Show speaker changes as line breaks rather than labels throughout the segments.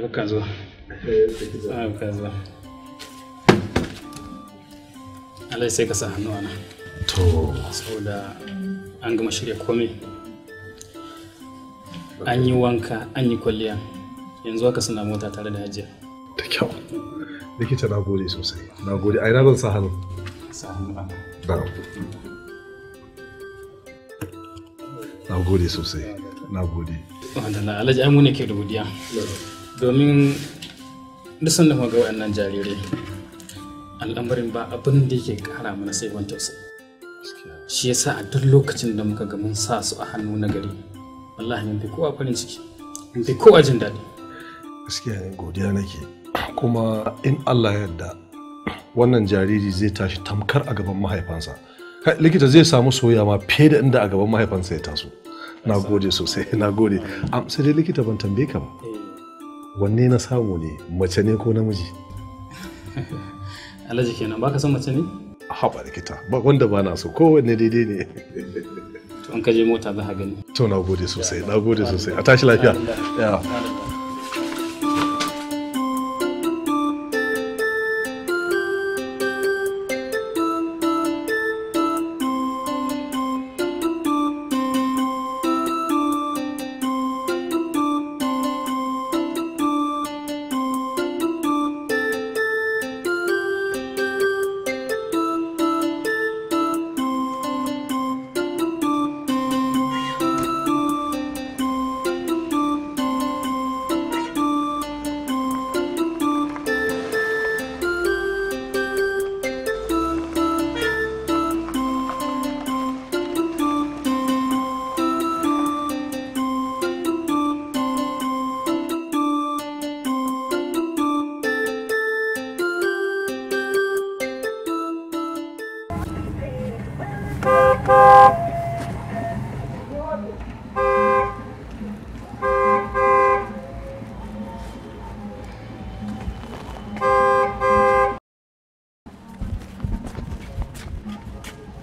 barkan zuwa
barkan
zuwa Allah sai ka sa hannu ana to saboda an gama shirya komai an yi wanka an yi kwalliya yanzu haka suna mota tare da hajiya
da kyau likita na gode sosai na gode ai na zan sa hannu sa hannu ba na gode sosai na gode
wanda na alhaji ai mu ne ke da godiya domin duk sanda mu ga wayannan jarirai al'amarin ba abin da yake kara mana sai ban tausayi shi yasa a duk lokacin da muka ga mun sa su a hannu na gari wallahi mun
fi kowa farin ciki mun fi kowa jin daɗi
gaskiya ne godiya nake kuma in Allah ya yarda wannan jariri zai tashi tamkar a gaban mahaifansa likita zai samu soyayya ma fiye da inda a gaban mahaifansa ya taso na gode sosai na gode sai dai likita ban tambaye ka ba eh, wanne na samu ne mace ne ko namiji
alhaji kenan baka san mace ne
a haɓa likita ba wanda ba na so kowanne daidai ne
to an kaje mota za ka gani
to na gode sosai na gode sosai a tashi lafiya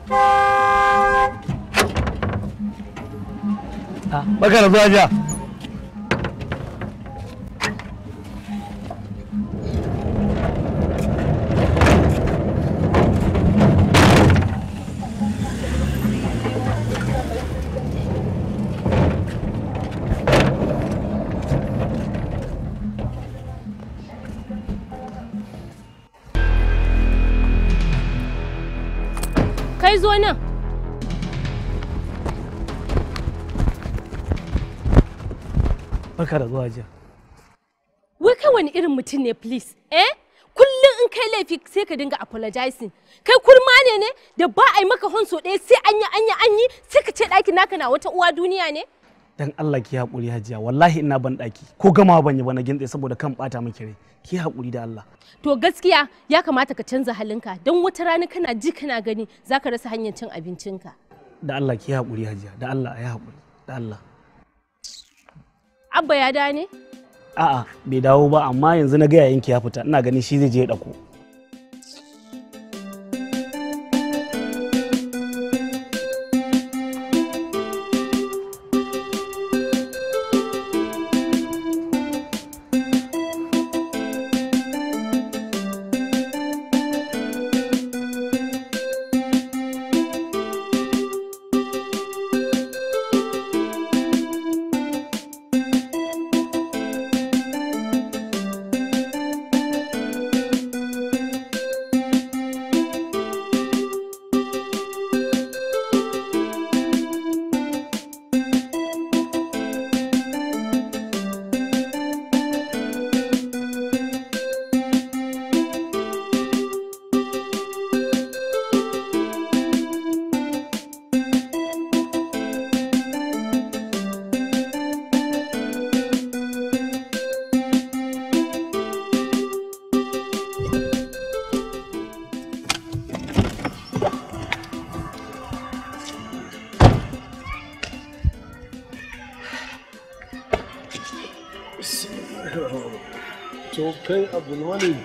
啊，我给他坐下去。
barka da zuwa jiya
wai kai wani irin mutum ne please eh kullum in kai laifi sai ka dinga apologizing kai kurma ne ne da ba a yi maka honso ɗaya sai an yi anyi sai ka ce ɗakin naka na wata uwa duniya ne
dan Allah ki
haƙuri hajiya wallahi ina ban ɗaki ko gamawa ban yi ba na gintse saboda kan ɓata miki rai ki haƙuri da Allah
to gaskiya ya kamata ka canza halinka don wata rana kana ji kana gani zaka rasa hanyar cin abincinka
da Allah ki haƙuri hajiya da Allah yi haƙuri da Allah
abba ya da ne
a'a bai dawo ba amma yanzu na ga yayin ki ya fita ina ganin shi zai je ya dauko
abdulmani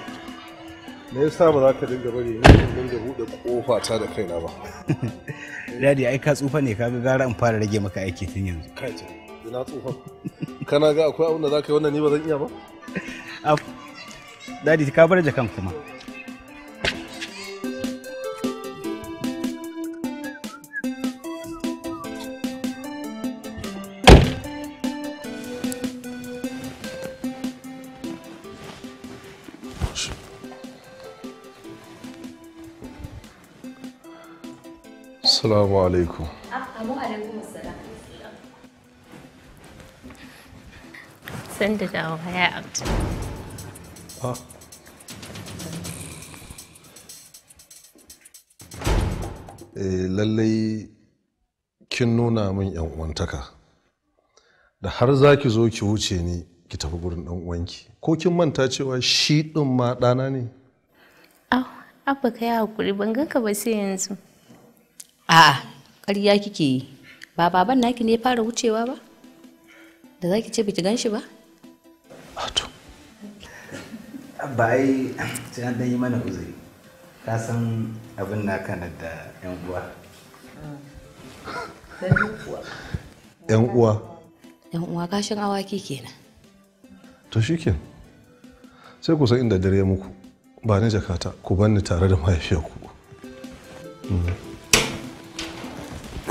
me yasa ba za ka dinga bari ne in dinga buɗe kofa ta da kaina ba
dadi ai ka tsufa ne kaga gara in fara rage maka aiki tun yanzu
kai ce ina tsufa kana ga akwai abin da za ka yi wannan ni ba zan iya ba
dadi ka bar jakan kuma
Assalamu
alaikum. Sen ya Abdu.
Ah. Eh, lallai kin nuna min yan uwantaka. Da har za ki zo ki wuce ni ki tafi gurin ɗan uwanki. Ko kin manta cewa shi ɗin ma ɗana ne?
Ah, abba ka yi haƙuri ban ganka ba sai yanzu.
a'a ƙarya kike yi ba baban naki ne fara wucewa ba da za ki ce biki gan shi ba wato
ba ai sai an yi mana uzuri ka san abin na kana da ƴan uwa
ƴan uwa yan
uwa kashin awaki kenan
to shikenan sai ku san inda dare muku ba ni jakata ku banni tare da mahaifiyarku. Mm-hmm.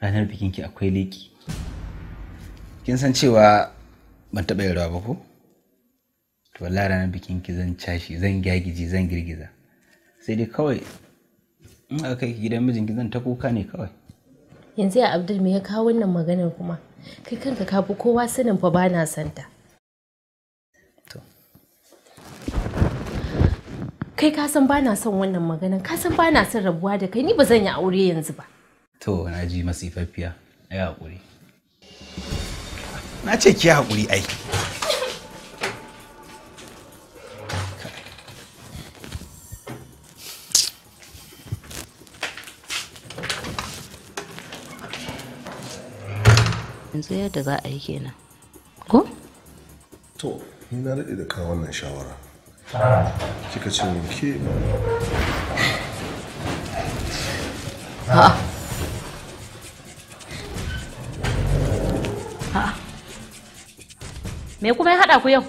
ranar bikinki akwai leƙi. kin san cewa ban taɓa yin rawa ba ko to wallahi ranar bikinki zan cashi zan gyagiji zan girgiza sai dai kawai in aka kai gidan mijinki zan ta kuka ne kawai
yanzu ya abdul me ya kawo wannan maganar kuma kai kanka ka fi kowa sanin fa bana santa kai ka san bana son wannan maganar ka san bana son rabuwa da kai ni ba zan yi aure yanzu ba
To, na ji masifaffiya, ai haƙuri. Na ce ki haƙuri ai.
Yanzu yadda za a yi kenan.
Ko?
To, ni na daɗe da kawo wannan shawara. Kika ce min ke.
me kuma ya haɗa ku yau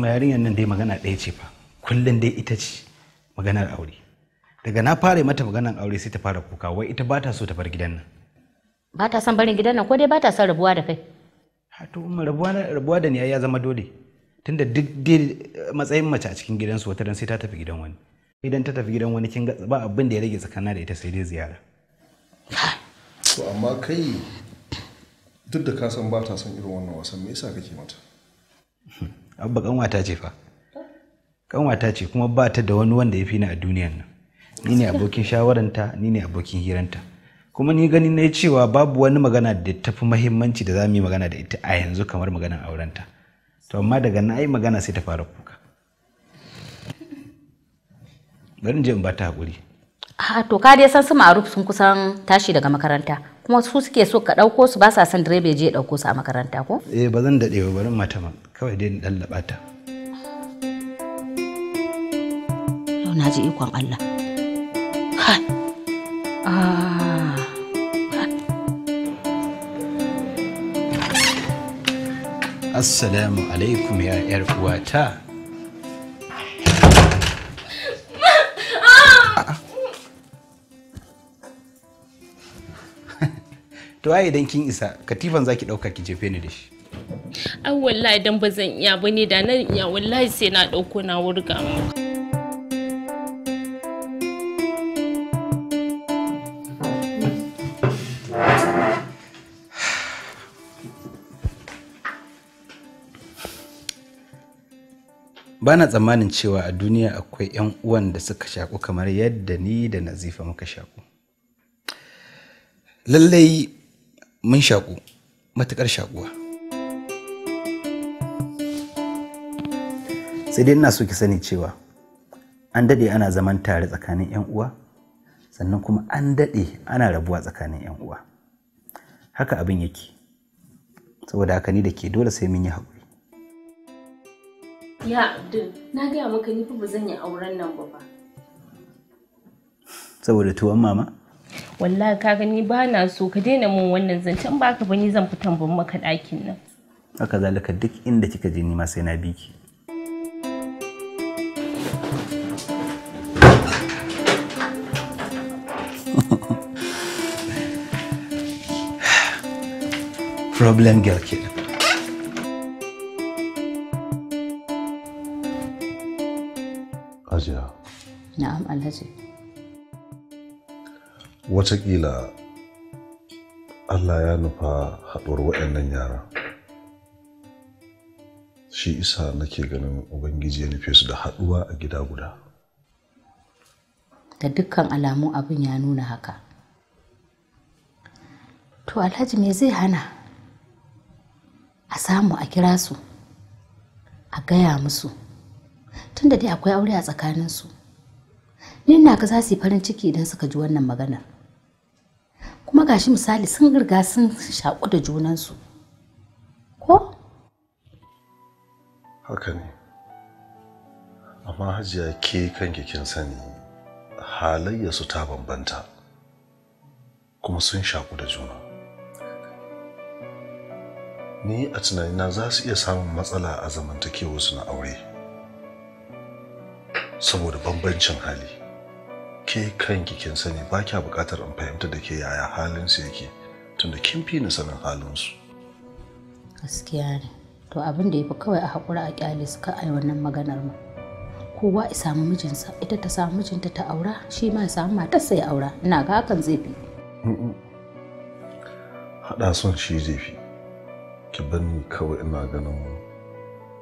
ma yarinyar nan dai magana ɗaya ce fa kullum dai ita ce maganar aure daga na fara mata maganar aure sai ta fara kuka wai ita ba ta so ta bar gidan nan
ba ta son barin gidan nan ko dai ba ta son rabuwa da kai
ha to rabuwa rabuwa da ni ya zama dole tunda duk dai matsayin mace a cikin su wata dan sai ta tafi gidan wani idan ta tafi gidan wani kin ga ba abin da ya rage tsakanin da ita sai dai ziyara
to amma kai duk da ka ba ta son irin wannan wasan me yasa kake mata
abba kanwata ce fa kanwata ce kuma ba ta da wani wanda ya fi ni a duniyan nan ni ne abokin shawaranta ni ne abokin hiranta kuma ni gani na cewa babu wani magana da ta fi mahimmanci da za mu yi magana da ita a yanzu kamar maganar aurenta to amma daga na yi magana sai ta fara kuka bari in je in ba ta haƙuri
to ka dai san su ma'aruf sun kusan tashi daga makaranta kuma su suke so ka ɗauko su ba sa son direba ya je ya ɗauko su a makaranta ko?
Eh ba zan daɗe ba barin mata ma kawai dai ni ɗan laɓata.
Yau na ji ikon Allah.
Ah.
Assalamu alaikum ya 'yar uwata. to ai idan kin isa katifan zaki dauka ki jefe ni da shi
ai wallahi dan ba zan iya bane da nan iya wallahi sai na dauko na wurga maka
bana tsammanin cewa a duniya akwai 'yan uwan da suka shaku kamar yadda ni da nazifa muka shaku lallai mun shaƙu matuƙar shaƙuwa sai dai ina so ki sani cewa an daɗe ana zaman tare tsakanin 'yan uwa sannan kuma an daɗe ana rabuwa tsakanin 'yan uwa haka abin yake saboda haka ni da ke dole sai mun yi haƙuri
ya abdul na gaya maka ni fa ba zan yi auren nan ba
saboda tuwon mama
wallahi ka gani ba na so ka daina mun wannan zancen ba ka bani zan fitan ban maka ɗakin nan
haka zalika duk inda kika je ni ma sai na biki problem girl kenan
watakila allah ya nufa haɗuwar waɗannan yara shi isa nake ganin ubangiji ya nufe su da haɗuwa a gida guda
da dukkan alamu abin ya nuna haka to alhaji me zai hana a samu a kira su a gaya musu tunda dai akwai aure a tsakaninsu ni na ka za su yi farin ciki idan suka ji wannan maganar kuma gashi misali sun riga sun shaƙu da junansu ko?
haka ne amma hajiya ke kanki kin sani halayya su ta bambanta kuma sun shaƙu da juna ni a tunanina za su iya samun matsala a su na aure saboda bambancin hali ke kanki kin sani ba kya buƙatar in fahimta da ke yaya halinsu yake tunda kin fi ni sanin halinsu.
Gaskiya ne. To abin da ya fi kawai a haƙura a ƙyale su ka ai wannan maganar mu. Kowa ya samu mijinsa, ita ta samu mijinta ta aura, shi ma ya samu matarsa ya aura. Ina ga hakan zai fi.
Haɗa son shi zai fi. Ki bani kawai ina ganin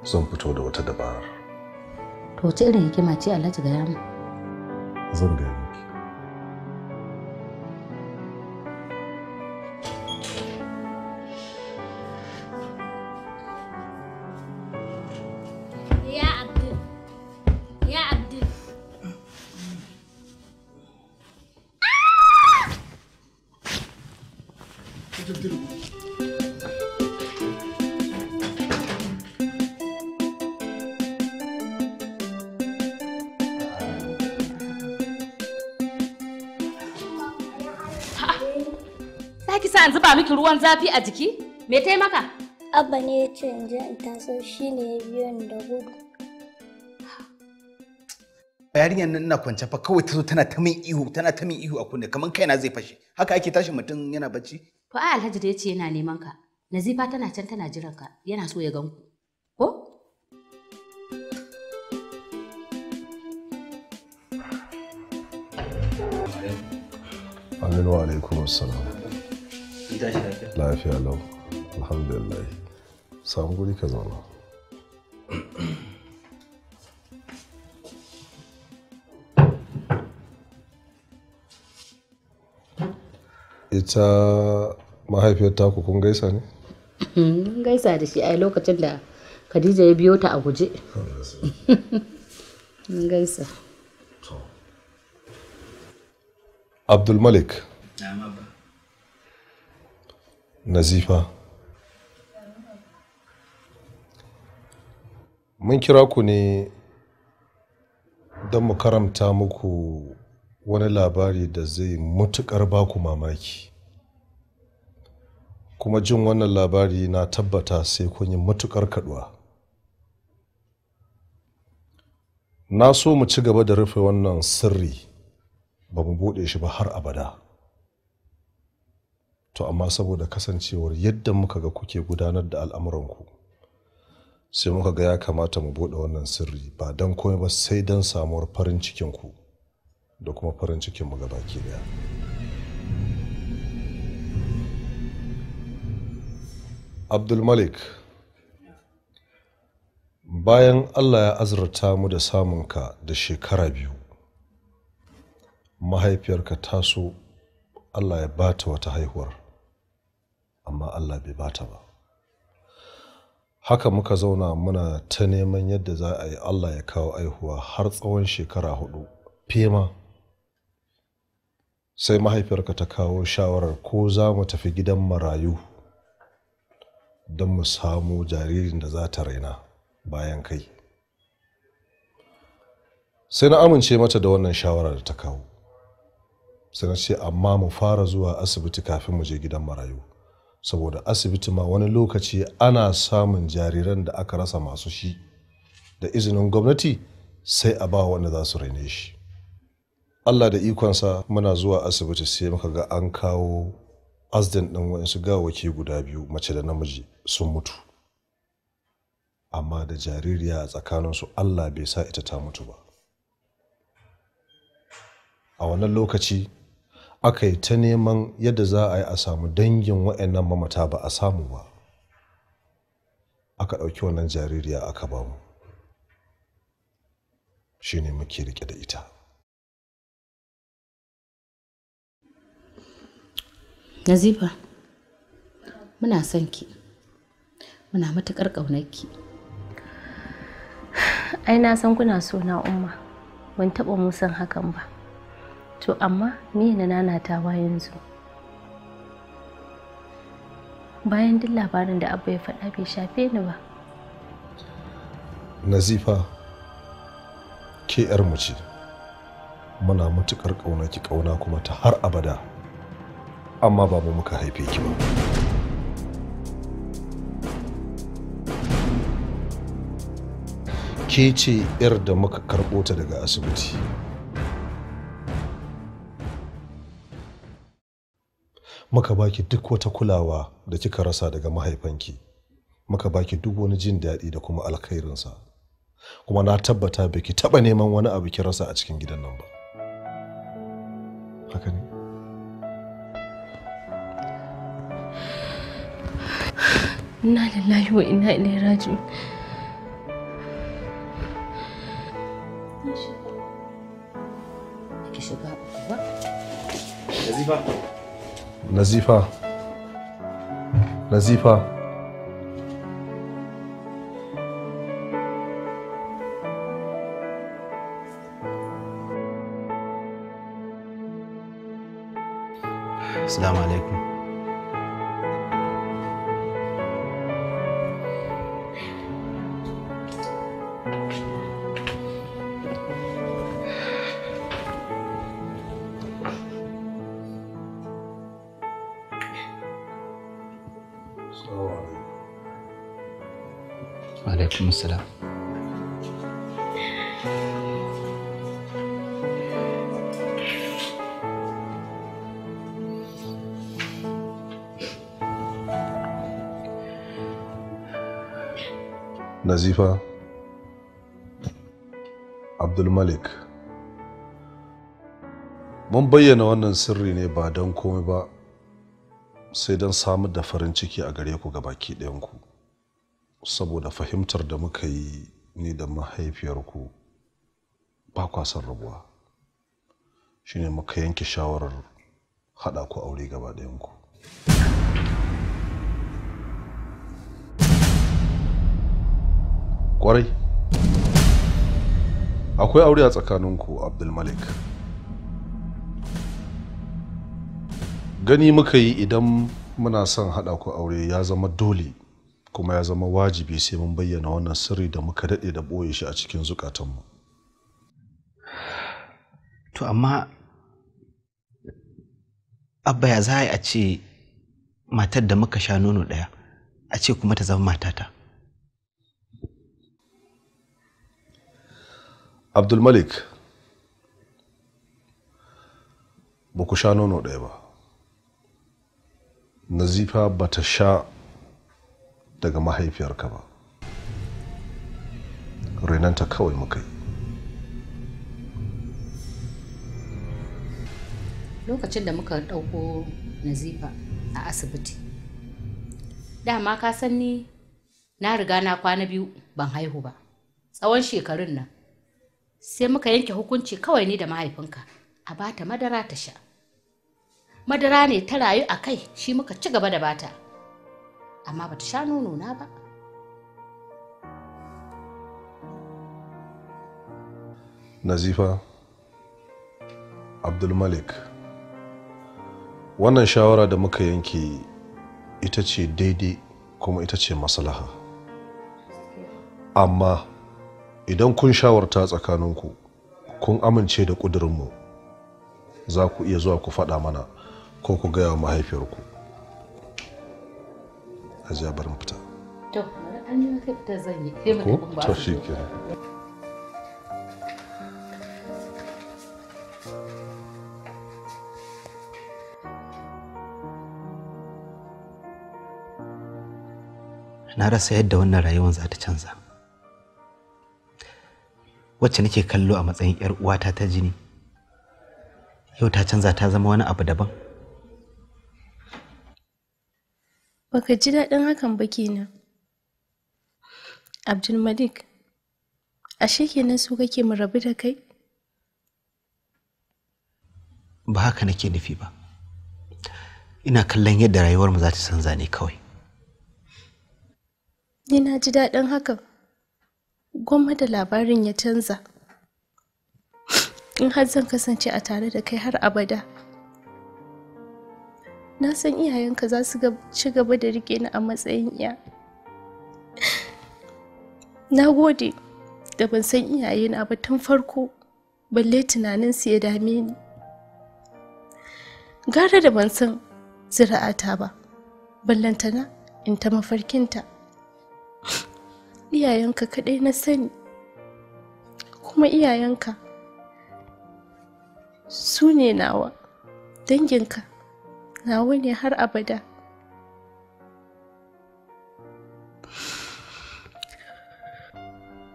zan fito da wata dabara.
To ce irin hikima ce Alhaji ga yamu. Зангаля. ruwan zafi a jiki? Me ta maka?
Abba ne ya ce in ji taso shi ne ya biyo ni da
gudu.
Yarinyar nan ina kwance fa kawai ta zo tana ta min ihu tana ta min ihu a kunne kamar kaina zai fashe. Haka ake tashi mutum yana bacci?
Fa ai Alhaji da ya ce yana neman ka. Nazifa tana can tana jiran ka yana so ya gan ku. Ko?
Aminu alaikum assalam. ki tashi lafiya lafiya lau alhamdulillah samu guri ka zauna ita mahaifiyar taku kun gaisa ne?
Hmm, gaisa da shi a lokacin da khadija ya biyo ta a guje gaisa
abdulmalik nazifa mun kira ku ne don mu karamta muku wani labari da zai mutukar ku mamaki kuma jin wannan labari na tabbata sai kun yi matukar kaduwa na so mu ci gaba da rufe wannan sirri ba mu buɗe shi ba har abada to amma saboda kasancewar yadda muka ga kuke gudanar da al'amuranku sai muka ga ya kamata mu buɗe wannan sirri ba don komai ba sai don samuwar farin cikinku da kuma farin cikinmu gaba ke daya abdulmalik bayan allah ya azurta mu da samunka da shekara biyu mahaifiyarka taso allah ya bata wata haihuwar amma Allah bai bata ba haka muka zauna muna ta neman yadda za a yi Allah ya kawo aihuwa har tsawon shekara hudu fema sai mahaifiyarka ta kawo shawarar ko za mu tafi gidan marayu don mu samu jaririn da za ta raina bayan kai sai na amince mata da wannan shawarar da ta kawo sai na ce amma mu fara zuwa asibiti kafin mu je gidan marayu saboda asibiti ma wani lokaci ana samun jariran da aka rasa masu shi da izinin gwamnati sai a ba wanda za su raine shi allah da ikonsa muna zuwa asibiti sai muka ga an kawo asdin ɗin waɗansu gawaki guda biyu mace da namiji sun mutu amma da jaririya a tsakaninsu allah bai sa ita ta mutu ba a wannan lokaci aka yi ta neman yadda za a yi a samu dangin wa'annan mamata ba a samu ba aka ɗauki wannan jaririya aka ba mu shi ne muke rike da ita
nazifa
muna son ki muna matuƙar ƙaunarki
ai na san kuna so na umma ban taɓa musan hakan ba to amma miye na nanatawa yanzu bayan duk labarin da abu ya faɗa bai shafe ni ba
nazifa ke mu ce muna matuƙar ƙauna ki ƙauna kuma ta har abada amma ba mu muka haife ki ba ke ce 'yar da muka karɓo ta daga asibiti muka baki duk wata kulawa da kika rasa daga mahaifanki muka baki duk wani jin daɗi da kuma alkhairinsa kuma na tabbata baki taɓa neman wani abu ki rasa a cikin gidan nan ba haka ne
inna lillahi wa inna ilaihi raji'un
ki shiga
Nazifa. Nazifa. nazifa abdulmalik mun bayyana wannan sirri ne ba don komai ba sai don samar da farin ciki a gare ku gabaki ɗayanku saboda fahimtar da muka yi ni da mahaifiyarku ba kwasan rabuwa shine muka yanke shawarar haɗa ku aure gaba ɗayanku. ku Kwarai. Akwai aure a tsakaninku Abdulmalik. Gani muka yi idan muna son haɗa ku aure ya zama dole kuma ya zama wajibi sai mun bayyana wannan sirri da muka daɗe da ɓoye shi a cikin zukatanmu. To amma
abba ya za a ce matar da muka sha nono ɗaya a ce kuma ta zama matata.
abdulmalik ba ku sha nono ɗaya ba nazifa ba ta sha daga mahaifiyarka ba renanta kawai muka yi
lokacin da muka ɗauko nazifa a asibiti dama ka san ni na riga na kwana biyu ban haihu ba tsawon shekarun nan sai muka yanke hukunci kawai ni da mahaifinka a bata madara ta sha madara ne ta rayu a kai shi muka ci gaba da bata amma bata sha nono na ba
nazifa abdulmalik wannan shawara da muka yanke ita ce daidai kuma ita ce maslaha amma idan kun shawarta tsakaninku kun amince da ƙudurinmu za ku iya zuwa ku faɗa mana ko ku gaya wa mahaifiyarku a barin fita
na rasa yadda wannan rayuwar za ta canza wacce nake kallo a matsayin yar uwata ta jini yau ta canza ta zama wani abu daban
baka ji daɗin hakan ba kenan abdulmalik ashe kenan su kake mu rabu da kai
ba haka nake nufi ba ina kallon yadda rayuwarmu za ta canza ne kawai
ni na ji daɗin hakan gwamma da labarin ya canza in har zan kasance a tare da kai har abada na san iyayenka za su ci gaba da rike ni a matsayin iya na gode da ban san iyayena ba tun farko balle tunaninsu ya dame ni gara da ban san zira'ata ba ballantana in ta mafarkinta iyayenka kaɗai na sani kuma iyayenka su ne nawa danginka nawa ne har abada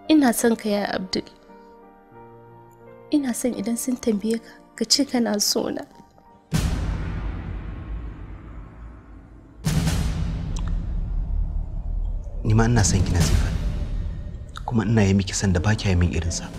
ina son ka ya abdul ina son idan sun tambaye ka ka ce kana sona
ni ma ina son ki nasifa kuma ina yi miki sanda ba kya min irin sa.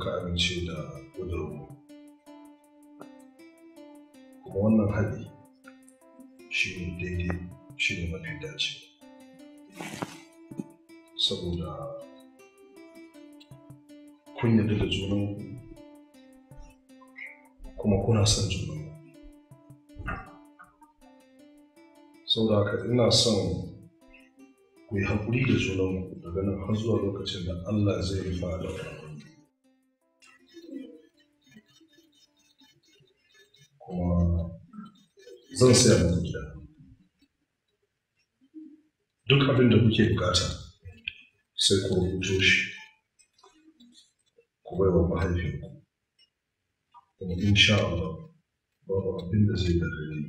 muka amince da ƙudurmu kuma wannan haɗi shi ne daidai shi ne mafi dace saboda kun yarda da junanku kuma kuna son Sau
saboda haka ina son ku yi haƙuri da junanku daga nan har zuwa lokacin da Allah zai rufa da wani kuma zan saya muku gida duk abin da kuke bukata sai ku rubuto shi ku bai wa mahaifinku kuma insha Allah babu abin da zai daga
ni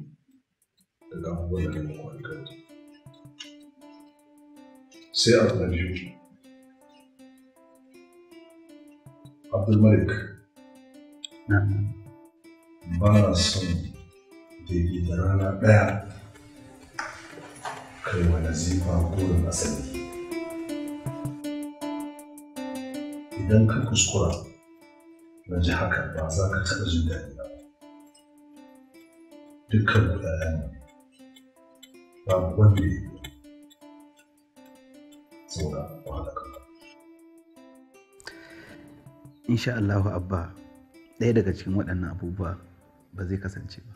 daga abubuwan da muku alkali sai abu na biyu Abdulmalik.
ba na son daidai da rana ɗaya kai wa zifa gurin asali
idan ka kuskura na ji haka ba za ka taɓa jin daɗi ba dukkan ɗayan ba wanda ya yi saboda wahala kan
insha Allahu abba ɗaya daga cikin waɗannan abubuwa ba zai kasance ba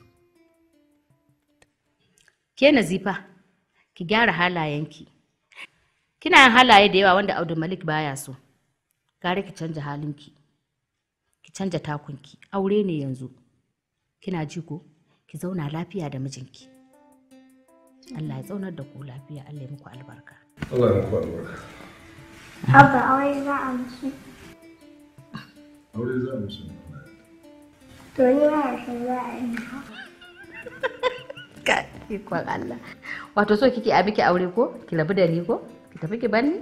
ke nazifa ki gyara halayenki kina yin halaye da yawa wanda malik baya so gare ki canja halinki ki canja takunki aure ne yanzu kina ji ko ki zauna lafiya da mijinki Allah ya tsaunar da ku lafiya Allah ya muku albarka
Allah
ya muku albarka
Abba aure za a musu
aure za a musu
wato so kike a miki aure ko ki rabu da ni ko ki tafi ki bani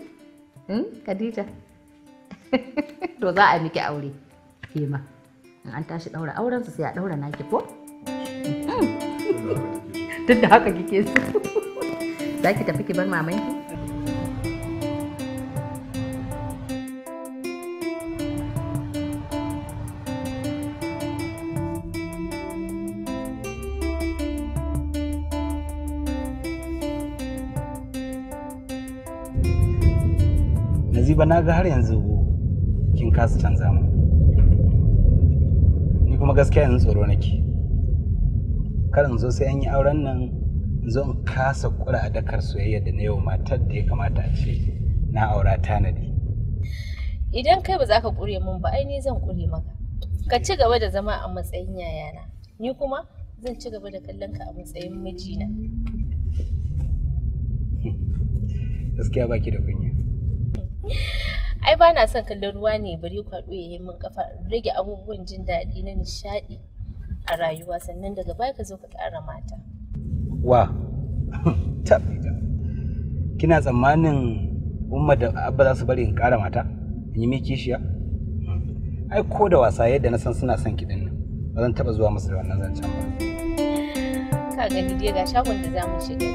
hmm, kadija to za a miki aure ke ma in an tashi daura auren su sai a daura naki ko
hmm.
duk da haka kike so za ki tafi ki bar mamanki
ziba na ga har yanzu kin kasa canza mu ni kuma gaskiya yanzu tsoro nake kar in zo sai an yi auren nan zo in kasa kura a dakar soyayya da na yau matar da ya kamata a ce na aura tanadi
idan kai ba za ka kure mun ba ai ni zan kure maka ka ci gaba da zama a matsayin yayana ni kuma zan ci gaba da kallon ka a matsayin mijina
gaskiya
baki da kunya
ai ba na son kallon ruwa ne bari kwaɗo ya yi min kafa rage abubuwan jin daɗi na nishaɗi a rayuwa sannan daga baya ka zo ka ƙara mata
wa kina tsammanin umma da abba za su bari in ƙara mata in yi miki kishiya ai ko da wasa yadda na san suna son kiɗin nan ba zan taɓa zuwa musu wannan zancen ba
ka gani dai ga shagon da za mu shiga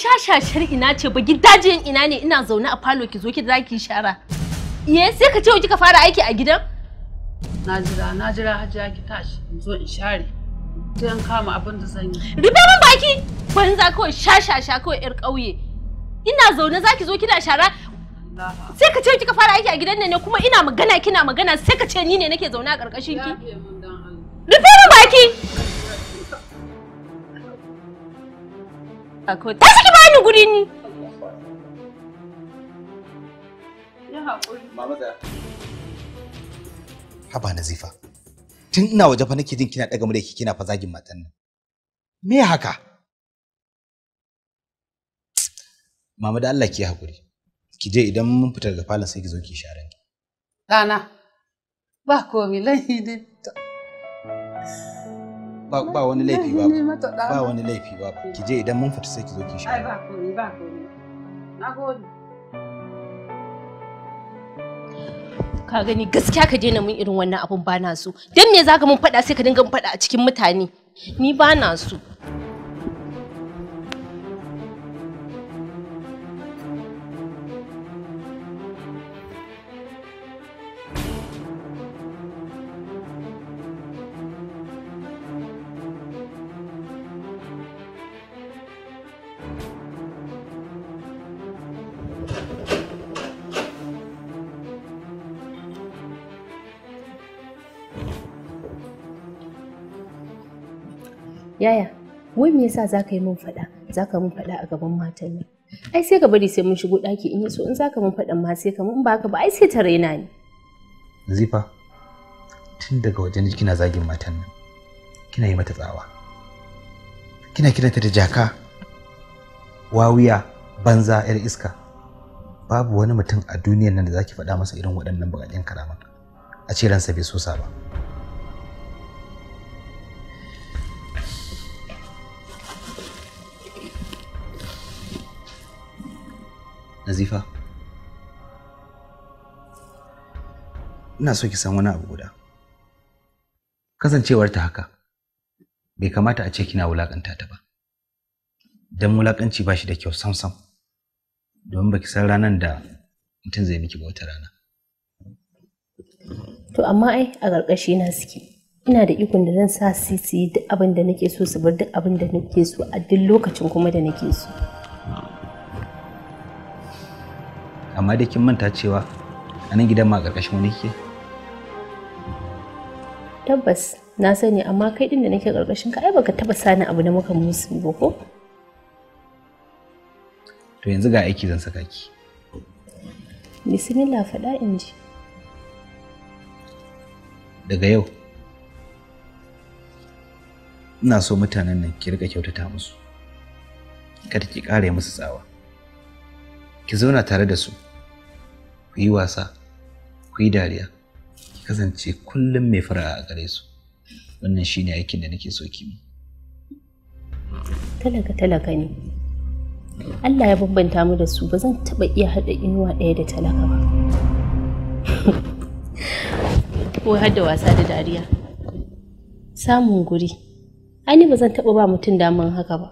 shashashar ina ce ba gidajen ina ne ina zaune a falo ki zo ki da ki shara. Iye sai ka ce kika fara aiki a gidan?
Na jira na jira hajiya ki tashi in zo in share. Sai an kama abin da zan yi.
Rufe min baki banza kawai shashasha kawai yar ƙauye. Ina zaune za ki zo kina shara sai ka ce kika fara aiki a gidan nan ne kuma ina magana kina magana sai ka ce ni ne nake zaune a ƙarƙashin ki. Rufe min baki. Ako ta saki bani guri ni.
Haba Nazifa. Tun ina waje fa nake jin kina daga mu da yake kina fa zagin matan nan. Me haka? Mama da Allah ki hakuri. Ki je idan mun fita daga falon sai ki zo ki share ni.
Dana. Ba komai lai dai.
ba wani laifi ba ba wani laifi ba ki je idan mun fita sai ki zo ki
shiga ai ba komai ba komai
ka gani gaskiya ka daina mun irin wannan abun ba na so dan me zaka mun faɗa sai ka dinga mun faɗa a cikin mutane ni ba na so yaya wai me yasa zaka yi min faɗa zaka min faɗa a gaban matan nan ai sai ka bari sai mun shigo ɗaki in so in zaka min faɗan ma sai ka mun ba ka ba ai sai ta raina ni
zifa tun daga wajen kina zagin matan nan kina yi mata tsawa kina kiranta da jaka wawiya banza yar iska babu wani mutum a duniyar nan da zaki faɗa masa irin waɗannan buƙatun karaman a ce ransa bai so sa ba Nazifa. Ina so ki san wani abu guda. Kasancewar ta haka bai kamata a ce kina wulakanta ta ba. Dan wulakanci ba shi da kyau sam sam. Domin baki san ranar da mutum zai miki ba wata rana.
To amma ai a ƙarƙashi na suke. ina da ikon da zan sa su su yi duk abin da nake so su bar duk abin da nake so a duk lokacin kuma da nake so.
amma dai kin manta cewa a nan gidan ma ƙarƙashin wani ke
tabbas na sani amma kai din da nake ƙarƙashin ka ai baka taba sani abu na muka musu ba ko
to yanzu ga aiki zan saka ki
bismillah faɗa in ji
daga yau ina so mutanen nan ki rika kyautata musu kada ki ƙara musu tsawa ki zauna tare da su ku yi wasa ku yi dariya ki kasance kullum mai fara'a a gare su wannan ne aikin da nake so ki
talaka talaka ne Allah ya bambanta mu da su ba zan taɓa iya haɗa inuwa ɗaya da talaka ba ko hada wasa da dariya samun guri ani ba zan taba ba mutum daman
haka ba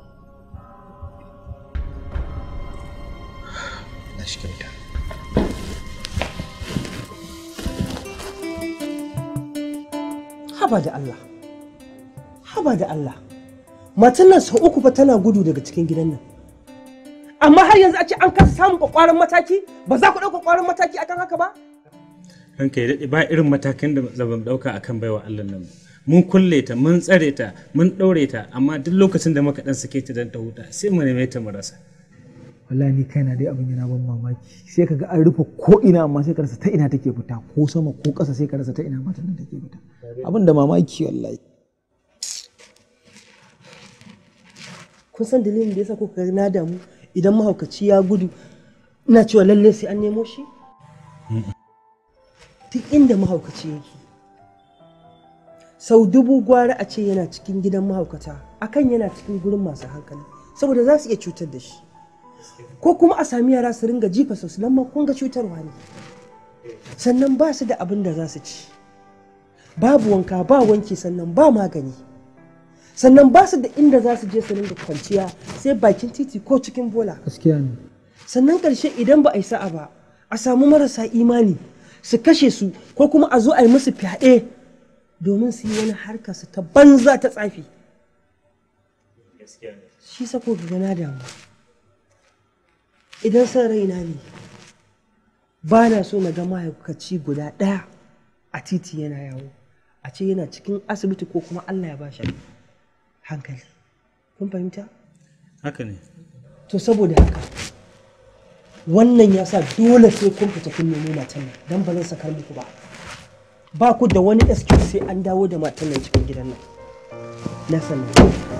haba da Allah haba da Allah matan nan sau uku fa tana gudu daga cikin gidan nan amma har yanzu a ce an kasa samun kwakwaran mataki ba za ku ɗauka kwakwaran mataki akan haka ba
ranka ya daɗe ba irin matakin da zaban ɗauka akan baiwa Allah nan mun kulle ta mun tsare ta mun ɗaure ta amma duk lokacin da muka ɗan sake ta don ta huta sai mu neme ta mu rasa
wallahi ni kaina dai abin yana ban mamaki sai kaga an rufe ko ina amma sai ka rasa ta ina take fita ko sama ko ƙasa sai ka rasa ta ina matan nan take fita abin da mamaki wallahi
kun san dalilin da yasa kuka na damu idan mahaukaci ya gudu ina cewa lalle sai an nemo shi duk inda mahaukaci yake sau dubu gwara a ce yana cikin gidan mahaukata akan yana cikin gurin masu hankali saboda za su iya cutar da shi ko kuma a sami yara su ringa jifa su nan ma kun ga cutarwa ne sannan ba su da abin da za su ci babu wanka ba wanki sannan ba magani sannan ba su da inda za su je su ringa kwanciya sai bakin titi ko cikin bola gaskiya ne sannan karshe idan ba a yi sa'a ba a samu marasa imani su kashe su ko kuma a zo a yi musu fyaɗe domin su yi wani harka su ta banza ta tsafi shi sako ga na damu idan son raina ne ba na so na ga mahaukaci guda ɗaya a titi yana yawo a ce yana cikin asibiti ko kuma allah ya ba shi hankali kun fahimta haka ne to saboda haka wannan ya sa dole sai kun fita kun nemi matan nan don ba zan sakar muku ba ba ku da wani excuse sai an dawo da matan nan cikin gidan nan na sannan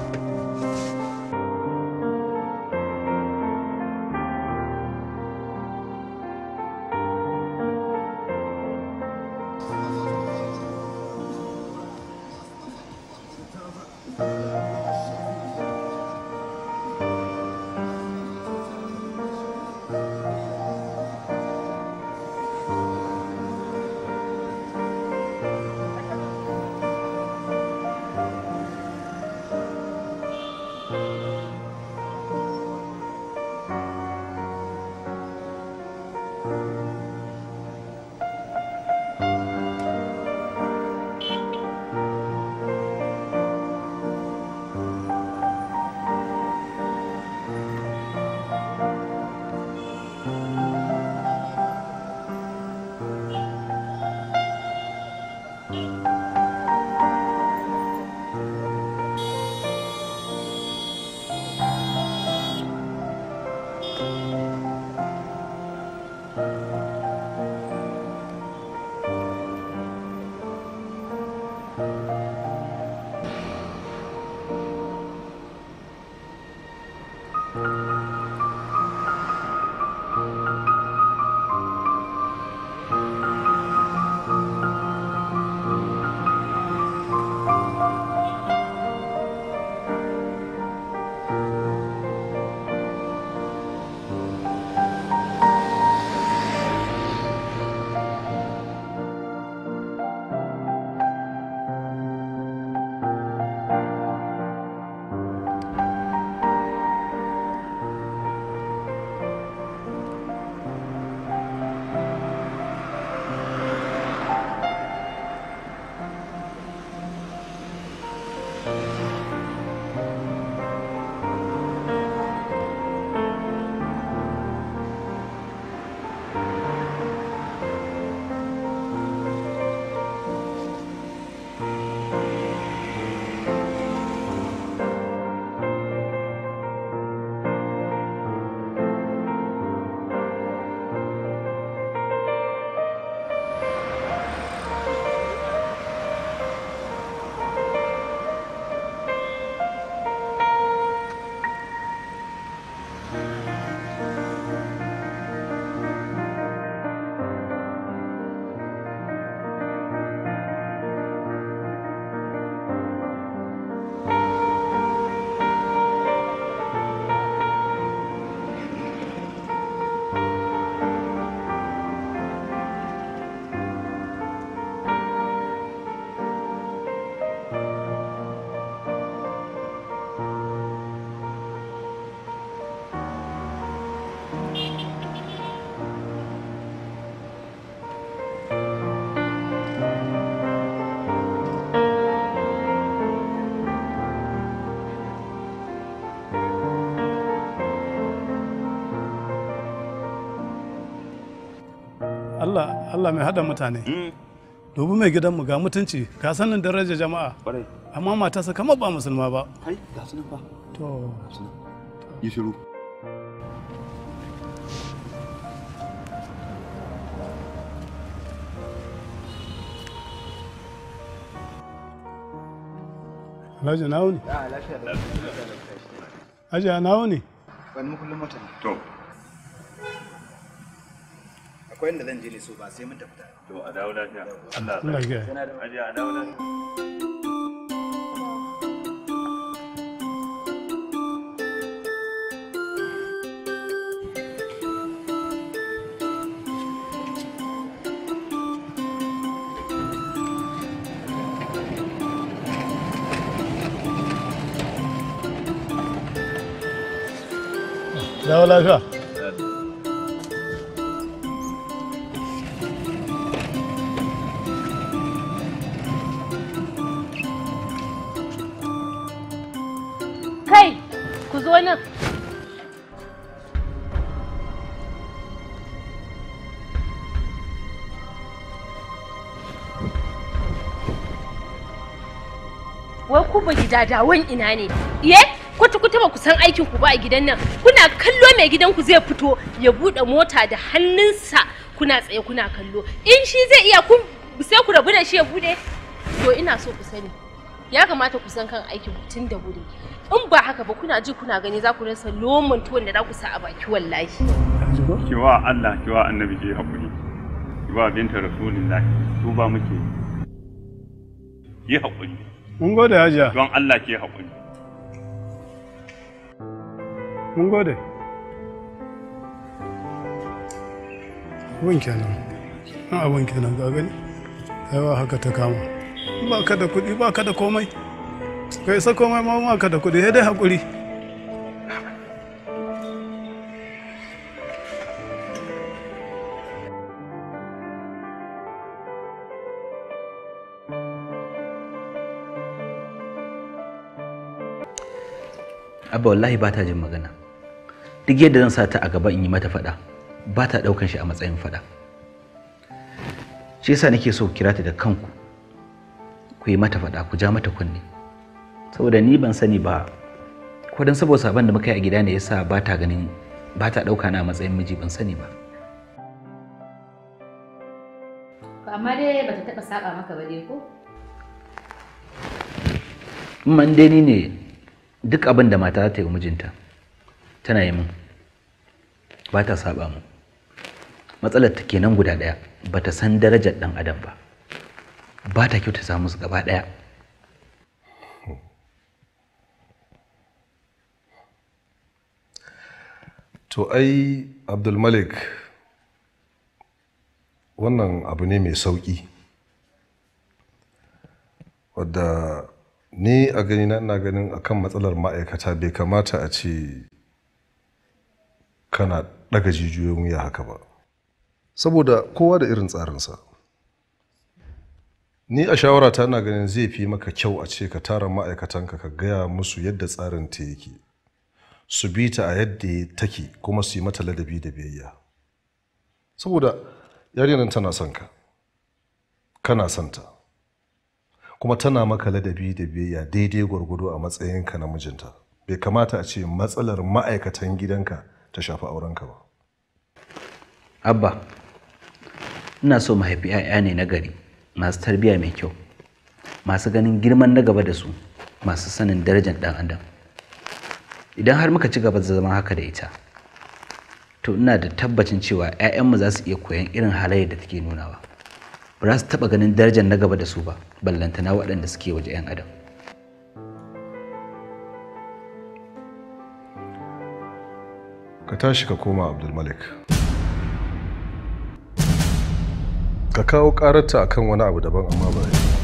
Allah mai hada mutane mm. dubu mai gidanmu ga mutunci ga sanin darajar jama'a amma matarsa kamar ba musulma ba
kai ga sunan ba
to yi shiru
Alhaji na wuni?
Alhaji ah, na Wani mukullin mutane. To, akwai da zan je ne so ba sai mun tafi tare to a dawo lafiya Allah ya sa a dawo lafiya dawo
lafiya
ba ku ba gida da wan ina ne iye eh, kwata kwata ba ku san aikin ku ba a gidan nan kuna kallo mai gidan ku zai fito ya bude mota da hannunsa kuna tsaye kuna kallo in shi zai iya kun sai ku rabu da shi ya bude to ina so ku sani ya kamata ku san kan aikin ku tun da wuri in ba haka ba kuna ji kuna gani za ku rasa lomon tuwon da za ku sa a baki wallahi
kiwa Allah kiwa annabi ji hakuri kiwa binta rasulullahi tuba muke yi hakuri
Mun gode hajiya.
Don Allah ke haƙuri. Mun gode. Abin kenan. Na abin kenan ga gani. Yawa haka ta kama.
Ba ka da kuɗi ba ka da komai. Kai sa komai ma ba ka da kuɗi sai dai haƙuri. abba wallahi ba ta jin magana duk yadda zan sa ta a gaba in yi mata faɗa ba ta ɗaukan shi a matsayin faɗa shi yasa nake so kira ta da kanku ku yi mata faɗa ku ja mata kunne saboda ni ban sani ba ko dan saboda saban da muka yi a gida ne yasa ba ta ganin ba ta ɗauka na a matsayin miji ban sani ba
amma dai ba ta taɓa saba maka ba dai ko?
Man dai ni ne duk abin da mata za ta yi wa mijinta tana yi min ba ta saba mu matsalar ta kenan guda ɗaya ba ta san darajar ɗan adam ba ba ta kyautata
musu gaba ɗaya to ai abdulmalik wannan abu ne mai sauki wadda ni a ganina ina ganin akan matsalar ma'aikata bai kamata a ce kana daga jijiyoyin wuya haka ba saboda kowa da irin tsarinsa ni a shawarata ina ganin zai fi maka kyau a ce ka tara ma'aikatanka ka gaya musu yadda tsarin ta yake su bi ta a yadda take kuma su yi mata ladabi da biyayya saboda yarinyar tana son ka kana son ta kuma tana maka ladabi da biyayya daidai gwargwado a matsayinka na mijinta bai kamata a ce matsalar ma'aikatan gidanka ta shafi aurenka ba
abba ina so mahaifi 'ya'ya ne na gari masu tarbiyya mai kyau masu ganin girman na gaba da su masu sanin darajar dan adam idan har muka ci gaba da zama haka da ita to ina da tabbacin cewa 'ya'yanmu za su iya koyan irin halayyar da take nunawa ba za su taɓa ganin darajar na gaba da su ba ballantana waɗanda suke waje 'yan adam
ka tashi ka koma abdulmalik ka kawo ƙararta akan wani abu daban amma ba